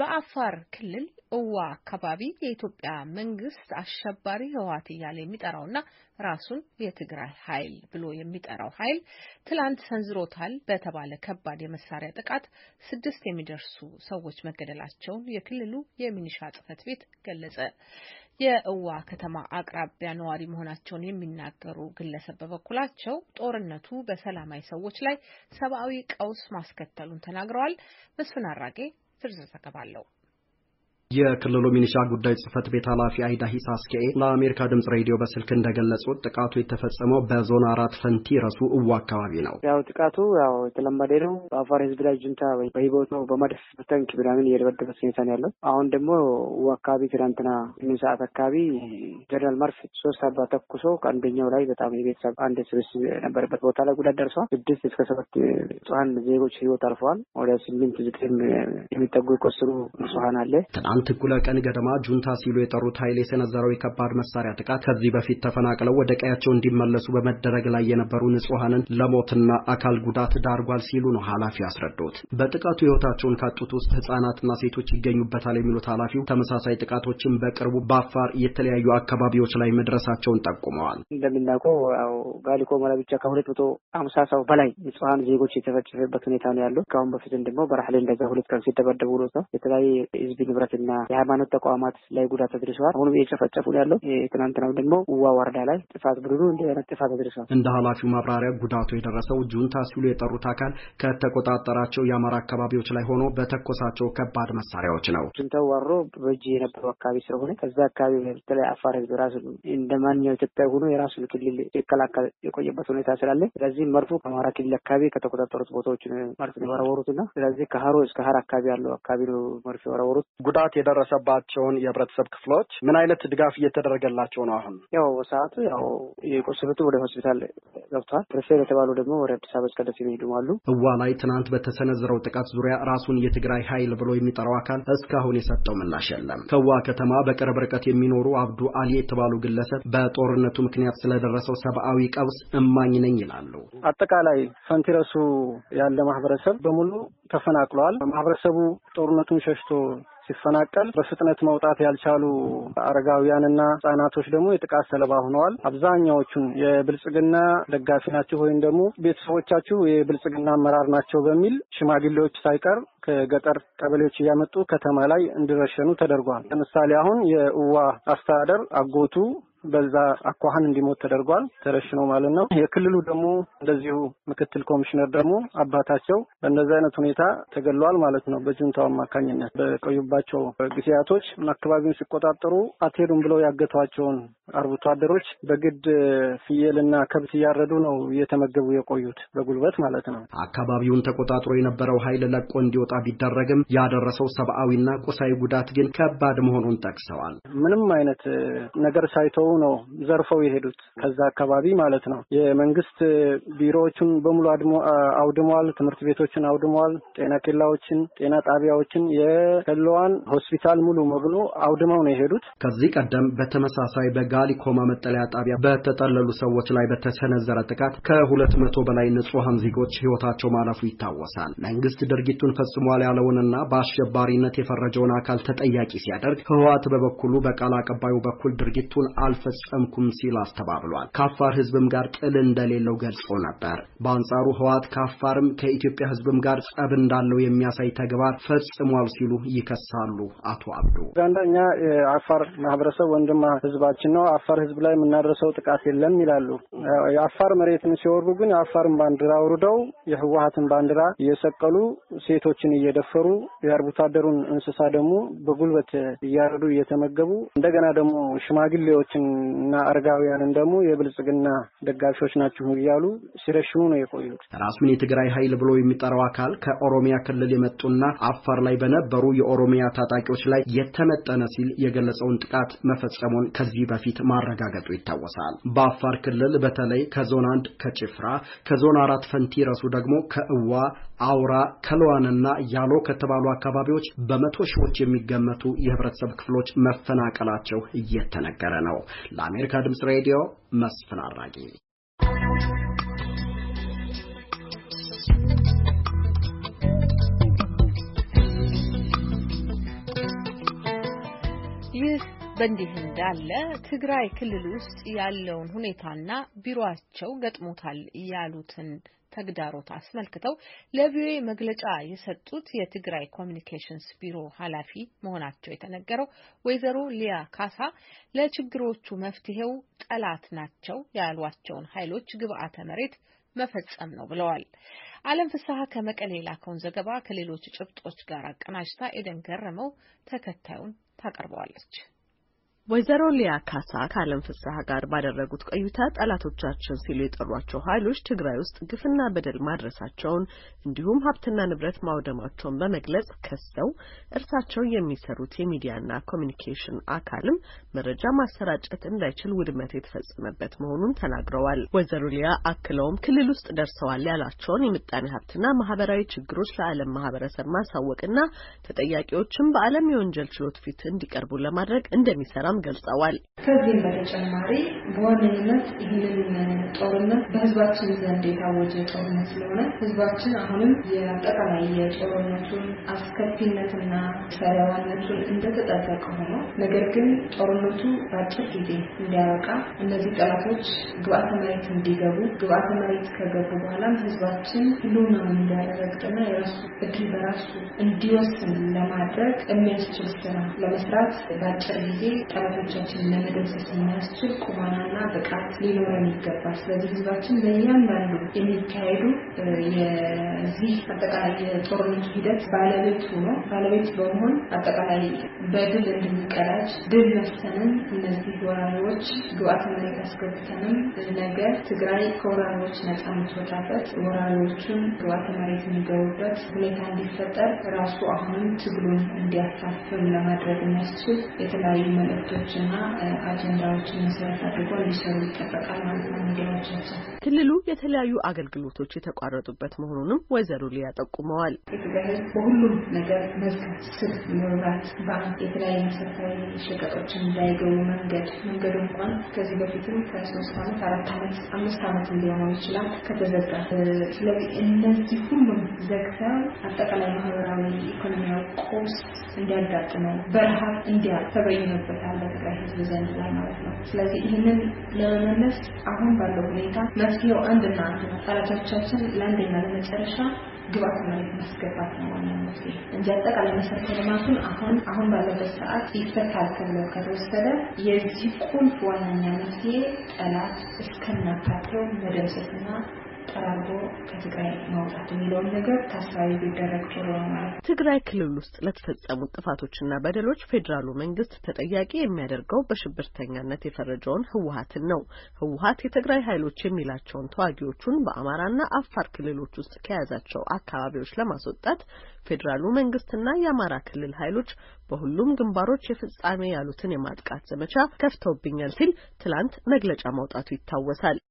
በአፋር ክልል እዋ አካባቢ የኢትዮጵያ መንግስት አሸባሪ ህወሓት እያለ የሚጠራውና ራሱን የትግራይ ኃይል ብሎ የሚጠራው ኃይል ትላንት ሰንዝሮታል በተባለ ከባድ የመሳሪያ ጥቃት ስድስት የሚደርሱ ሰዎች መገደላቸውን የክልሉ የሚኒሻ ጽህፈት ቤት ገለጸ። የእዋ ከተማ አቅራቢያ ነዋሪ መሆናቸውን የሚናገሩ ግለሰብ በበኩላቸው ጦርነቱ በሰላማዊ ሰዎች ላይ ሰብአዊ ቀውስ ማስከተሉን ተናግረዋል። መስፍን አራጌ ዝርዝር ዘገባ አለው። የክልሉ ሚኒሻ ጉዳይ ጽህፈት ቤት ኃላፊ አይዳ ሂሳ አስኬኤ ለአሜሪካ ድምጽ ሬዲዮ በስልክ እንደገለጹት ጥቃቱ የተፈጸመው በዞን አራት ፈንቲ ረሱ እዋ አካባቢ ነው። ያው ጥቃቱ ያው የተለመደ ነው። በአፋር ህዝብ ላይ ጅንታ በህይወቱ ነው በመድፍ በተንክ ምናምን እየደበደበ ሁኔታ ነው ያለው። አሁን ደግሞ እዋ አካባቢ ትናንትና ስምንት ሰዓት አካባቢ ጀነራል መርፍ ሶስት አባ ተኩሶ ከአንደኛው ላይ በጣም የቤተሰብ አንድ ስብስብ የነበረበት ቦታ ላይ ጉዳት ደርሰዋል። ስድስት እስከ ሰባት ንጹሀን ዜጎች ህይወት አልፈዋል። ወደ ስምንት ዘጠኝ የሚጠጉ የቆሰሉ ንጹሀን አለ። ትናንት ባለፉት እኩለ ቀን ገደማ ጁንታ ሲሉ የጠሩት ኃይል የሰነዘረው የከባድ መሳሪያ ጥቃት ከዚህ በፊት ተፈናቅለው ወደ ቀያቸው እንዲመለሱ በመደረግ ላይ የነበሩ ንጹሐንን ለሞትና አካል ጉዳት ዳርጓል ሲሉ ነው ኃላፊው ያስረዱት። በጥቃቱ ህይወታቸውን ካጡት ውስጥ ህጻናትና ሴቶች ይገኙበታል የሚሉት ኃላፊው ተመሳሳይ ጥቃቶችን በቅርቡ በአፋር የተለያዩ አካባቢዎች ላይ መድረሳቸውን ጠቁመዋል። እንደምናውቀው ጋሊኮ መራ ብቻ ከሁለት መቶ አምሳ ሰው በላይ ንጹሐን ዜጎች የተፈጨፈበት ሁኔታ ነው ያለው። ከአሁን ደግሞ በራህሌ እንደዛ ሁለት ቀን ሲደበደቡ ነው የተለያየ ህዝብ ንብረት እና የሃይማኖት ተቋማት ላይ ጉዳት አድርሰዋል። አሁኑ እየጨፈጨፉ ያለው ትናንትናው ደግሞ ውዋ ወረዳ ላይ ጥፋት ቡድኑ እንዲህ አይነት ጥፋት አድርሰዋል። እንደ ኃላፊው ማብራሪያ ጉዳቱ የደረሰው ጁንታ ሲሉ የጠሩት አካል ከተቆጣጠራቸው የአማራ አካባቢዎች ላይ ሆኖ በተኮሳቸው ከባድ መሳሪያዎች ነው። ጁንታው ዋሮ በእጅ የነበረው አካባቢ ስለሆነ ከዛ አካባቢ በተለይ አፋር ህዝብ ራሱ እንደ ማንኛው ኢትዮጵያ ሆኖ የራሱን ክልል ይከላከል የቆየበት ሁኔታ ስላለ ስለዚህ መርፎ ከአማራ ክልል አካባቢ ከተቆጣጠሩት ቦታዎች መርፍ የወረወሩት እና ስለዚህ ከሀሮ እስከ ሀር አካባቢ ያለው አካባቢ ነው መርፍ የወረወሩት ጉዳት ጉዳት የደረሰባቸውን የህብረተሰብ ክፍሎች ምን አይነት ድጋፍ እየተደረገላቸው ነው? አሁን ያው ሰዓቱ ያው የቆሰሉት ወደ ሆስፒታል ገብተዋል። ሪፌር የተባሉ ደግሞ ወደ አዲስ አበባ እስከ የሚሄዱ አሉ። እዋ ላይ ትናንት በተሰነዘረው ጥቃት ዙሪያ ራሱን የትግራይ ኃይል ብሎ የሚጠራው አካል እስካሁን የሰጠው ምላሽ የለም። ከዋ ከተማ በቅርብ ርቀት የሚኖሩ አብዱ አሊ የተባሉ ግለሰብ በጦርነቱ ምክንያት ስለደረሰው ሰብአዊ ቀውስ እማኝ ነኝ ይላሉ። አጠቃላይ ፈንቲረሱ ያለ ማህበረሰብ በሙሉ ተፈናቅለዋል። ማህበረሰቡ ጦርነቱን ሸሽቶ ሲፈናቀል በፍጥነት መውጣት ያልቻሉ አረጋውያንና ህጻናቶች ደግሞ የጥቃት ሰለባ ሆነዋል። አብዛኛዎቹን የብልጽግና ደጋፊ ናቸው ወይም ደግሞ ቤተሰቦቻችሁ የብልጽግና አመራር ናቸው በሚል ሽማግሌዎች ሳይቀር ከገጠር ቀበሌዎች እያመጡ ከተማ ላይ እንዲረሸኑ ተደርጓል። ለምሳሌ አሁን የእዋ አስተዳደር አጎቱ በዛ አኳኋን እንዲሞት ተደርጓል። ተረሽኖ ማለት ነው። የክልሉ ደግሞ እንደዚሁ ምክትል ኮሚሽነር ደግሞ አባታቸው በእንደዚህ አይነት ሁኔታ ተገሏል ማለት ነው። በጁንታው አማካኝነት በቆዩባቸው ጊዜያቶች አካባቢውን ሲቆጣጠሩ አትሄዱም ብለው ያገቷቸውን አርብቶ አደሮች በግድ ፍየልና ከብት እያረዱ ነው እየተመገቡ የቆዩት በጉልበት ማለት ነው። አካባቢውን ተቆጣጥሮ የነበረው ኃይል ለቆ እንዲወጣ ቢደረግም ያደረሰው ሰብአዊና ቁሳዊ ጉዳት ግን ከባድ መሆኑን ጠቅሰዋል። ምንም አይነት ነገር ሳይተው ሰው ነው ዘርፈው የሄዱት ከዛ አካባቢ ማለት ነው። የመንግስት ቢሮዎቹን በሙሉ አውድመዋል። ትምህርት ቤቶችን አውድመዋል። ጤና ኬላዎችን፣ ጤና ጣቢያዎችን፣ የከለዋን ሆስፒታል ሙሉ በሙሉ አውድመው ነው የሄዱት። ከዚህ ቀደም በተመሳሳይ በጋሊኮማ መጠለያ ጣቢያ በተጠለሉ ሰዎች ላይ በተሰነዘረ ጥቃት ከሁለት መቶ በላይ ንጹሐን ዜጎች ህይወታቸው ማለፉ ይታወሳል። መንግስት ድርጊቱን ፈጽሟል ያለውንና በአሸባሪነት የፈረጀውን አካል ተጠያቂ ሲያደርግ፣ ህወሓት በበኩሉ በቃል አቀባዩ በኩል ድርጊቱን አልፎ አልፈጸምኩም ሲል አስተባብሏል። ከአፋር ህዝብም ጋር ጥል እንደሌለው ገልጾ ነበር። በአንጻሩ ህወሓት ከአፋርም ከኢትዮጵያ ህዝብም ጋር ጸብ እንዳለው የሚያሳይ ተግባር ፈጽሟል ሲሉ ይከሳሉ። አቶ አብዱ ጋንዳ የአፋር ማህበረሰብ ወንድማ ህዝባችን ነው፣ አፋር ህዝብ ላይ የምናደርሰው ጥቃት የለም ይላሉ። የአፋር መሬትን ሲወርዱ ግን የአፋርን ባንዲራ አውርደው የህወሓትን ባንዲራ እየሰቀሉ ሴቶችን እየደፈሩ የአርብቶ አደሩን እንስሳ ደግሞ በጉልበት እያረዱ እየተመገቡ እንደገና ደግሞ ሽማግሌዎችን እና አረጋውያንን ደግሞ የብልጽግና ደጋፊዎች ናችሁ እያሉ ሲረሽኑ ነው የቆዩት። ራሱን የትግራይ ኃይል ብሎ የሚጠራው አካል ከኦሮሚያ ክልል የመጡና አፋር ላይ በነበሩ የኦሮሚያ ታጣቂዎች ላይ የተመጠነ ሲል የገለጸውን ጥቃት መፈጸሙን ከዚህ በፊት ማረጋገጡ ይታወሳል። በአፋር ክልል በተለይ ከዞን አንድ ከጭፍራ ከዞን አራት ፈንቲ ረሱ ደግሞ ከእዋ አውራ ከለዋንና ያሎ ከተባሉ አካባቢዎች በመቶ ሺዎች የሚገመቱ የህብረተሰብ ክፍሎች መፈናቀላቸው እየተነገረ ነው። ለአሜሪካ ድምፅ ሬዲዮ መስፍን አራጌ በእንዲህ እንዳለ ትግራይ ክልል ውስጥ ያለውን ሁኔታና ቢሮአቸው ገጥሞታል ያሉትን ተግዳሮት አስመልክተው ለቪኦኤ መግለጫ የሰጡት የትግራይ ኮሚኒኬሽንስ ቢሮ ኃላፊ መሆናቸው የተነገረው ወይዘሮ ሊያ ካሳ ለችግሮቹ መፍትሄው ጠላት ናቸው ያሏቸውን ኃይሎች ግብአተ መሬት መፈጸም ነው ብለዋል። አለም ፍስሐ ከመቀሌ የላከውን ዘገባ ከሌሎች ጭብጦች ጋር አቀናጅታ ኤደን ገረመው ተከታዩን ታቀርበዋለች። ወይዘሮ ሊያ ካሳ ከአለም ፍስሐ ጋር ባደረጉት ቆይታ ጠላቶቻችን ሲሉ የጠሯቸው ኃይሎች ትግራይ ውስጥ ግፍና በደል ማድረሳቸውን እንዲሁም ሀብትና ንብረት ማውደማቸውን በመግለጽ ከሰው እርሳቸው የሚሰሩት የሚዲያና ኮሚኒኬሽን አካልም መረጃ ማሰራጨት እንዳይችል ውድመት የተፈጸመበት መሆኑን ተናግረዋል። ወይዘሮ ሊያ አክለውም ክልል ውስጥ ደርሰዋል ያላቸውን የምጣኔ ሀብትና ማህበራዊ ችግሮች ለዓለም ማህበረሰብ ማሳወቅና ተጠያቂዎችም በዓለም የወንጀል ችሎት ፊት እንዲቀርቡ ለማድረግ እንደሚሰራ እንደሚሰራም ገልጸዋል። ከዚህም በተጨማሪ በዋነኝነት ይህንን ጦርነት በህዝባችን ዘንድ የታወጀ ጦርነት ስለሆነ ህዝባችን አሁንም የአጠቃላይ የጦርነቱን አስከፊነትና ሰለዋነቱን እንደተጠበቀ ሆኖ ነገር ግን ጦርነቱ በአጭር ጊዜ እንዲያበቃ እነዚህ ጠላቶች ግብአተ መሬት እንዲገቡ ግብአተ መሬት ከገቡ በኋላም ህዝባችን ህልውናውን እንዲያረጋግጥና የራሱ እድል በራሱ እንዲወስን ለማድረግ የሚያስችል ስራ ለመስራት በአጭር ጊዜ ፍላጎቶቻችንን ለመደምሰስ የሚያስችል ቁመናና ብቃት ሊኖረን ይገባል። ስለዚህ ህዝባችን ለእያንዳንዱ የሚካሄዱ የዚህ አጠቃላይ የጦርነቱ ሂደት ባለቤት ሆኖ ባለቤት በመሆን አጠቃላይ በድል እንድንቀዳጅ ድል ነስተንም እነዚህ ወራሪዎች ግብአተ መሬት አስገብተንም ነገ ትግራይ ከወራሪዎች ነጻ የምትወጣበት ወራሪዎቹን ግብአተ መሬት የሚገቡበት ሁኔታ እንዲፈጠር ራሱ አሁንም ትግሉን እንዲያሳፍም ለማድረግ የሚያስችል የተለያዩ መልእክቶች ፕሮጀክቶችና አጀንዳዎችን መሰረት አድርጎ እንዲሰሩ ይጠበቃል ማለት ነው። ሚዲያዎቻችን ክልሉ የተለያዩ አገልግሎቶች የተቋረጡበት መሆኑንም ወይዘሮ ሊያ ጠቁመዋል። የትግራይ ሕዝብ በሁሉም ነገር መልክ ስር መብራት፣ ባንክ፣ የተለያዩ መሰረታዊ ሸቀጦችን እንዳይገቡ መንገድ መንገዱ እንኳን ከዚህ በፊትም ከሶስት አመት አራት አመት አምስት አመት እንዲሆነው ይችላል ከተዘጋ። ስለዚህ እነዚህ ሁሉም ዘግተው አጠቃላይ ማህበራዊ ኢኮኖሚያዊ ቀውስ እንዲያጋጥመው በረሃብ እንዲያ ተበይኖበታል። በትግራይ ህዝብ ዘንድ ላይ ማለት ነው። ስለዚህ ይህንን ለመመለስ አሁን ባለው ሁኔታ መፍትሄው አንድ አንድና አንድ ነው። ጠላቶቻችን ለአንደኛ ለመጨረሻ ግባት መሬት ማስገባት ነው ዋና መፍትሄ እንጂ አጠቃላይ መሰረተ ልማቱን አሁን አሁን ባለበት ሰዓት ይፈታል ተብሎ ከተወሰደ የዚህ ቁልፍ ዋነኛ መፍትሄ ጠላት እስከናካቴው መደምሰስና ጠራርጎ ከትግራይ መውጣት የሚለውን ነገር ታሳቢ ቢደረግ ጥሩ ነው ማለት ነው። ትግራይ ክልል ውስጥ ለተፈጸሙ ጥፋቶችና በደሎች ፌዴራሉ መንግስት ተጠያቂ የሚያደርገው በሽብርተኛነት የፈረጀውን ህወሀትን ነው። ህወሀት የትግራይ ኃይሎች የሚላቸውን ተዋጊዎቹን በአማራና አፋር ክልሎች ውስጥ ከያዛቸው አካባቢዎች ለማስወጣት ፌዴራሉ መንግስትና የአማራ ክልል ኃይሎች በሁሉም ግንባሮች የፍጻሜ ያሉትን የማጥቃት ዘመቻ ከፍተውብኛል ሲል ትላንት መግለጫ ማውጣቱ ይታወሳል።